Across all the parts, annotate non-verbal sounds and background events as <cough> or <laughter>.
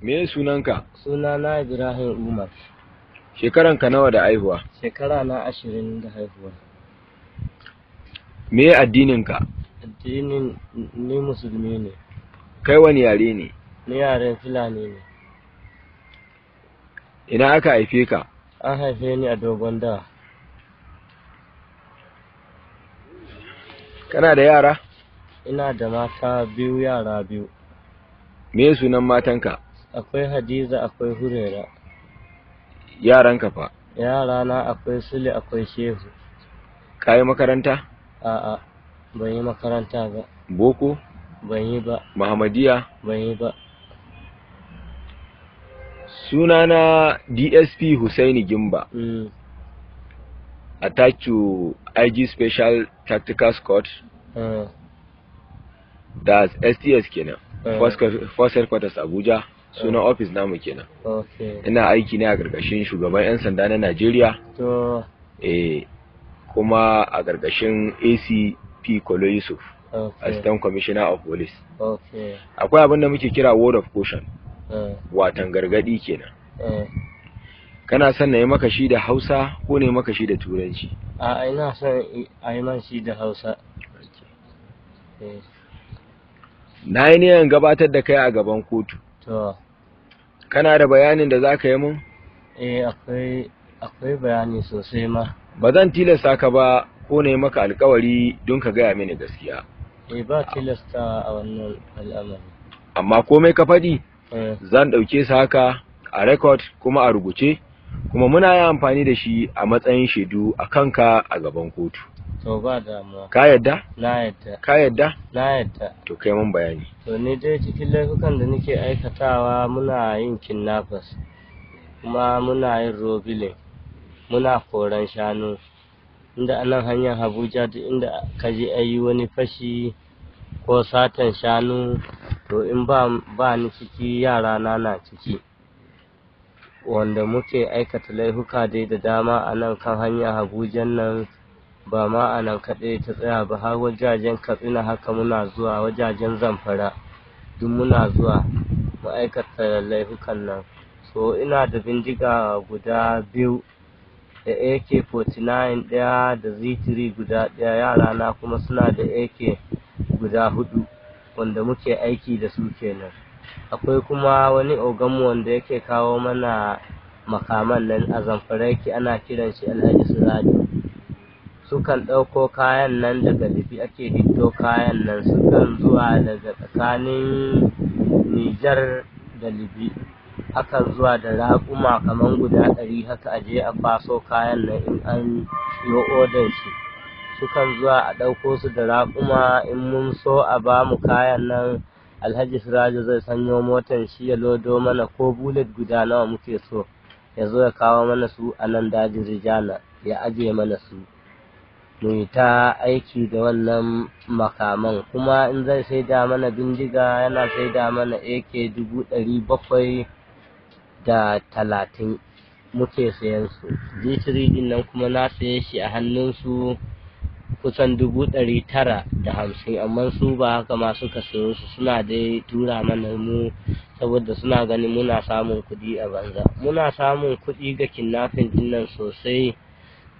Me sunanka? Sunana Ibrahim Umar. Shekaran ka nawa da haihuwa? Shekara na ashirin da haihuwa. Me addininka? Addinin ni musulmi ne. Kai wani yare ne? Ni yaren Fulani ne. Ina aka haife ka? An haife ni a dogon dawa. Kana da yara? Ina da mata biyu yara biyu. Me sunan matanka? akwai hadiza akwai hurera ka fa yarana akwai sule akwai shehu ka yi makaranta a'a ban yi makaranta ba boko ban yi ba muhammadiya ban yi ba sunana dsp husaini gimba mm. attached to ig special tactical squad mm. that's sts kenan uh. first, first headquarters abuja Suna ofis namu kenan ina aiki ne a gargashin shugaban 'yan sanda na najeriya eh, kuma a gargashin acp kolo yusuf assistant commissioner of police akwai abin da muke kira word of caution eh. watan gargaɗi kenan eh. kana son na yi maka shi da hausa ko ne maka shi da turanci a ina son a yi man shi da hausa na yi niyan gabatar da kai a gaban kotu to kana da bayanin da za ka yi mun eh akwai bayani sosai ma ba zan tilasta ka ba ko ne maka alkawari don ka gaya mini gaskiya eh ba tilasta a wannan al'amari amma komai ka faɗi eh. zan ɗauke sa haka a record kuma a rubuce kuma muna yi amfani da shi a matsayin shaidu a kanka a gaban kotu To ba damuwa. Ka yadda? Na yadda. Ka yadda? Na yadda. To kai mun bayani. To ni dai cikin laifukan da nake aikatawa muna yin kidnappers, kuma muna yin robilin, muna koran shanu. Inda anan hanyar Abuja duk inda ka je ayi wani fashi ko satan shanu to in ba ba ni ciki yara na na ciki. Wanda muke aikata laifuka dai da dama anan kan hanyar Abuja nan ba ma a nan kaɗai ta tsaya ba har wajajen Katsina haka muna zuwa wajajen Zamfara duk muna zuwa mu laifukan nan. So ina da bindiga guda biyu da AK-49 ɗaya da Z3 guda ɗaya yarana kuma suna da AK guda huɗu wanda muke aiki da su kenan. Akwai kuma wani oganmu wanda yake kawo mana makaman nan a Zamfara yake ana kiran shi Alhaji Surajo. Sukan ɗauko kayan nan daga Libi ake hiddo kayan nan, sukan zuwa daga tsakanin Nijar da Libi, akan zuwa da raƙuma kamar guda ɗari haka aje a kwaso kayan nan in an yi shi. Sukan zuwa a ɗauko su da raƙuma in mun so a bamu kayan nan Alhaji siraju zai sanyo motan shi ya lodo mana ko bulet guda nawa muke so, ya zo ya kawo mana su a nan dajin Rijana ya ajiye mana su. mu ta aiki da wannan makaman kuma in zai sai da mana bindiga yana sai da mana AK dubu ɗari bakwai da talatin muke sayan su g din nan kuma na saye shi a hannun su kusan dubu ɗari tara da hamsin amma su ba haka ma suka sayo su suna dai tura mana mu saboda suna ganin muna samun kuɗi a banza muna samun kuɗi ga kinnafin din nan sosai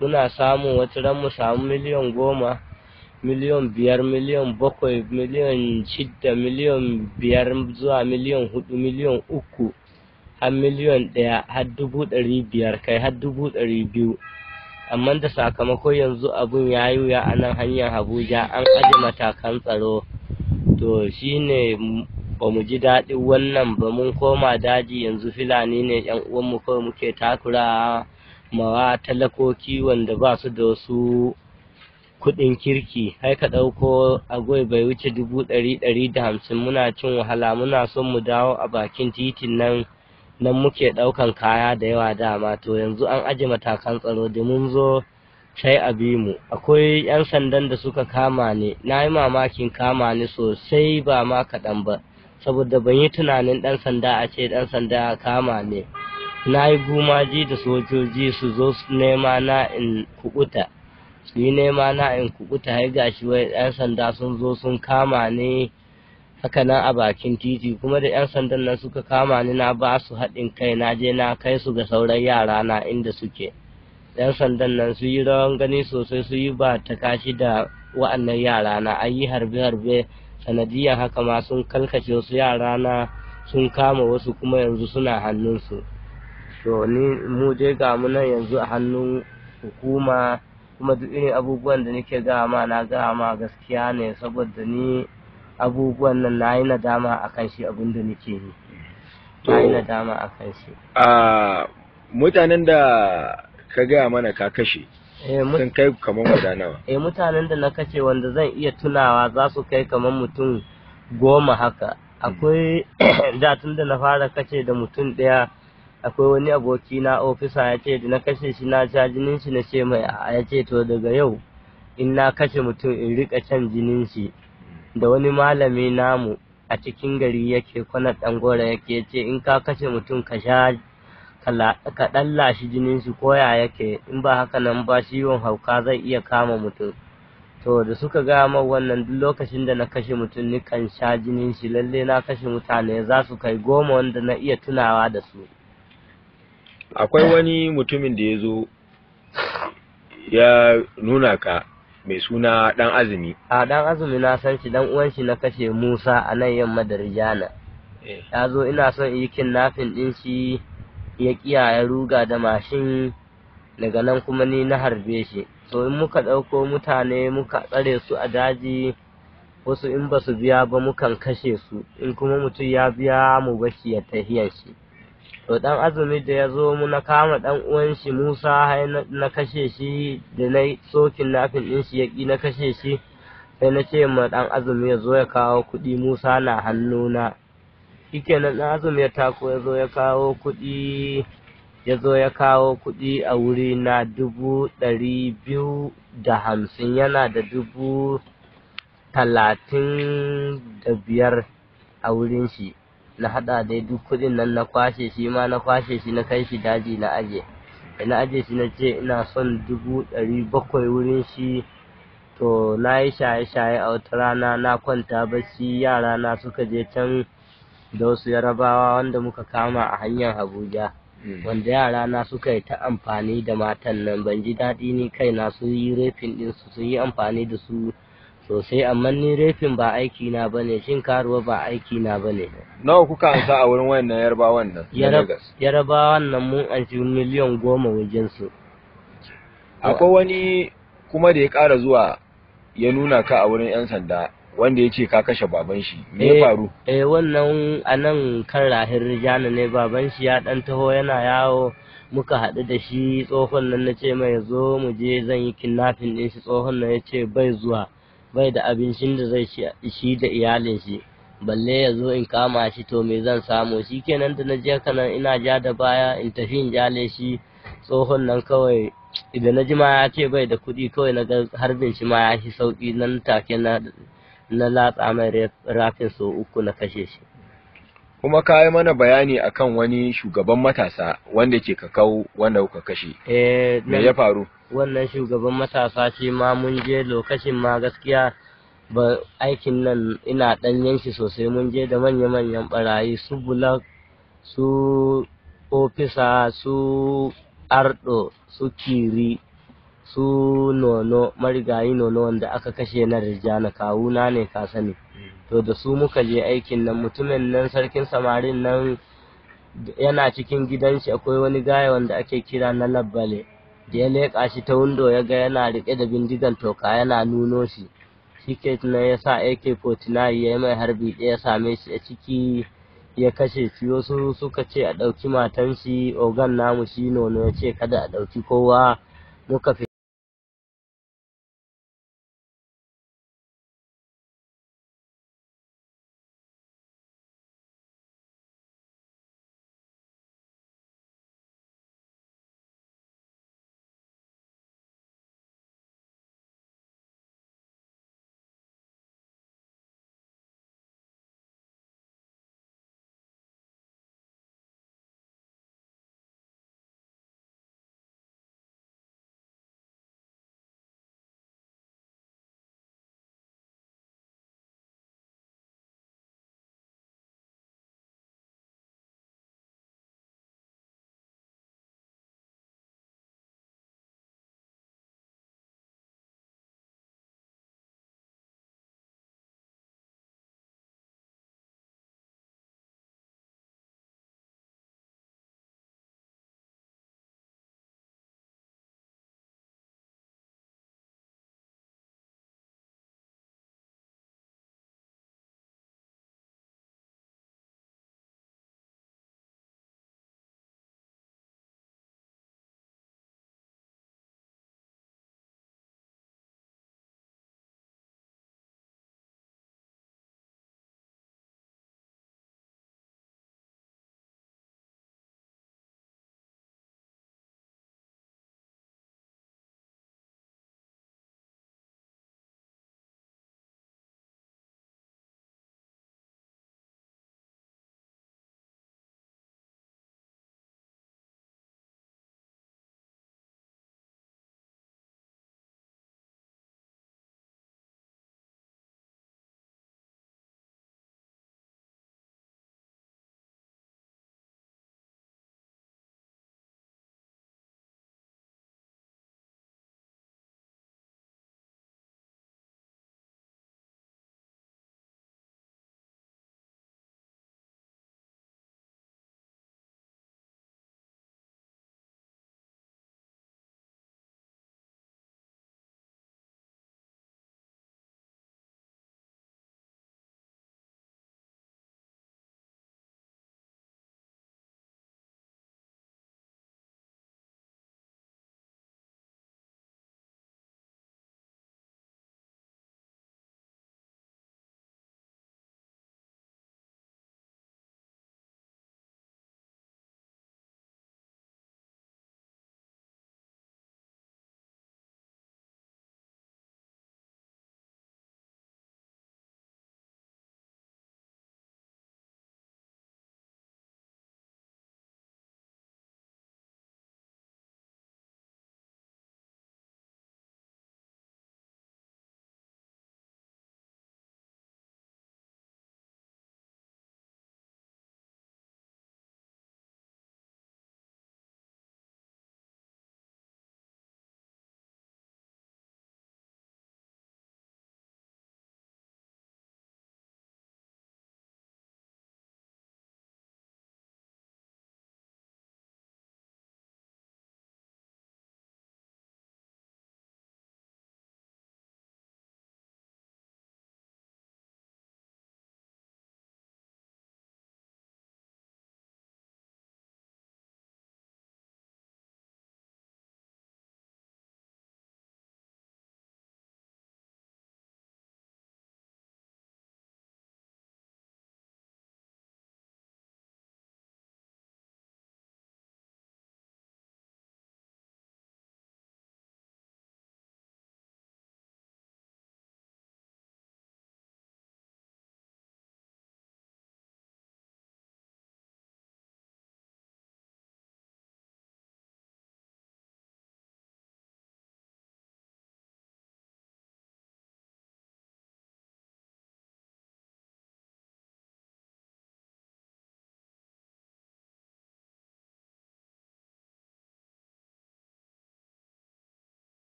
muna samun wata ran mu samu miliyan goma miliyan biyar miliyan bakwai miliyan shidda miliyan biyar zuwa miliyan hudu miliyan uku har miliyan ɗaya har dubu ɗari biyar kai har dubu ɗari biyu amma da sakamako yanzu abun ya yi wuya a nan hanyar abuja an aje matakan tsaro to shine ba mu ji daɗin wannan ba mun koma daji yanzu filani ne yan uwanmu kawai muke takurawa mawa talakoki wanda ba su da wasu kuɗin kirki hai ka ɗauko agwai bai wuce dubu ɗari ɗari da hamsin muna cin wahala muna son mu dawo a bakin titin nan nan muke ɗaukan kaya da yawa dama to yanzu an aje matakan tsaro da mun zo sai a bi mu akwai 'yan sandan da suka kama ni na yi mamakin kama ni sosai ba ma kaɗan ba saboda ban yi tunanin ɗan sanda a ce ɗan sanda kama ne na yi gumaji da sojoji su zo su nema na in kubuta su yi nema na in kubuta har gashi wai yan sanda sun zo sun kama ni haka nan a bakin titi kuma da yan sandan nan suka kama ni na ba su haɗin kai na je na kai su ga sauran yara na inda suke yan sandan nan su yi rawan gani sosai su yi ba ta kashi da wa'annan yara na an yi harbe-harbe sanadiyan haka ma sun kalkace wasu yara na sun kama wasu kuma yanzu suna hannunsu. To ni mu je ga mu nan yanzu a hannun hukuma kuma duk irin abubuwan da nake ga ma na ga ma gaskiya ne saboda ni abubuwan nan na yi nadama a kan shi abin da nake yi na yi nadama a kan shi a mutanen da ka gaya mana ka kashe eh, sun kai kamar guda nawa eh mutanen da na kashe wanda zan iya tunawa za su kai kamar mutum goma haka akwai <coughs> da tun da na fara kashe da mutum ɗaya akwai wani aboki na ofisa ya ce na kashe shi na sha jinin shi na ce mai a ya ce to daga yau in na kashe mutum in rika can jinin shi da wani malami namu a cikin gari yake kwanar dangora yake ce in ka kashe mutum ka sha ka ɗan lashi jinin shi koya yake in ba haka nan ba shi ciwon hauka zai iya kama mutum to da suka gaya wannan duk lokacin da na kashe mutum ni kan sha jinin shi lalle na kashe mutane za su kai goma wanda na iya tunawa da su akwai eh. wani mutumin da ya zo ya nuna ka mai suna dan azumi a dan azumi na san shi dan uwan shi na kashe musa a nan yamma da rijana eh. ya zo ina son yi kidnapping din shi ya kiya ya ruga da mashin daga nan kuma ni na harbe shi so in muka ɗauko mutane muka tsare su a daji wasu in ba su biya ba mukan kashe su in kuma mutum ya biya mu bashi ya tahiyar shi to dan azumi da ya zo mu na kama dan uwan shi Musa hay na kashe shi da na sokin nafin din shi yaki na kashe shi sai na ce ma dan azumi ya zo ya kawo kuɗi Musa na hannuna shikenan dan azumi ya tako ya zo ya kawo kuɗi ya zo ya kawo kuɗi a wuri na dubu ɗari biyu da hamsin yana da dubu talatin da biyar a wurin shi na haɗa dai duk kudin nan na kwashe shi ma na kwashe shi na kai shi daji na aje na aje shi na ce ina son dubu ɗari bakwai wurin shi to na yi shaye-shaye a wata rana na kwanta bacci yara na suka je can da wasu yarabawa wanda muka kama a hanyar abuja mm. wanda yara na suka yi ta amfani da matan nan ban ji daɗi ni kai na su yi rafin ɗinsu su yi amfani da su sosai amma ni refin ba aiki na bane shin karuwa ba aiki na bane nawa kuka ansa a wurin wayannan yarbawan nan yarbawan nan mun anshi miliyan goma wajen su akwai wani kuma da ya ƙara zuwa ya nuna ka a wurin yan sanda wanda ya ce ka kashe baban shi me ya eh, faru eh wannan anan kan rahir rijana ne baban shi ya dan taho yana yawo muka haɗu da shi tsohon nan na ce mai zo mu je zan yi kidnapping din shi tsohon nan ya ce bai zuwa bai da abincin da zai shi da iyalin shi balle ya zo in kama shi to me zan samu shi kenan da na je kanan ina ja da baya in tafi in jale shi tsohon nan kawai idan na ji ma ya ce bai da kuɗi kawai na ga harbin shi ma ya shi sauƙi nan take na na latsa mai rafin so uku na kashe shi kuma ka yi mana bayani akan wani shugaban matasa wanda ke kakau wanda kuka kashe eh, me ya faru wannan shugaban matasa shi ma mun je lokacin ma gaskiya ba aikin nan ina ɗanyen shi sosai mun je da manya-manyan barayi su bulak su ofisa su ardo su kiri su nono marigayi nono wanda aka kashe na rijana kawuna ne ka sani to da su muka je aikin nan mutumin nan sarkin samarin nan yana cikin gidan shi akwai wani gaya wanda ake kira na labbale Da ya leƙa shi ta windo ya ga yana riƙe da bindigan toka yana nuno shi, tunan ya sa AK-49 ya yi mai harbi ɗaya same shi a ciki ya kashe shi wasu suka ce a ɗauki matan shi ogan namu shi nono ya ce kada a ɗauki kowa muka fi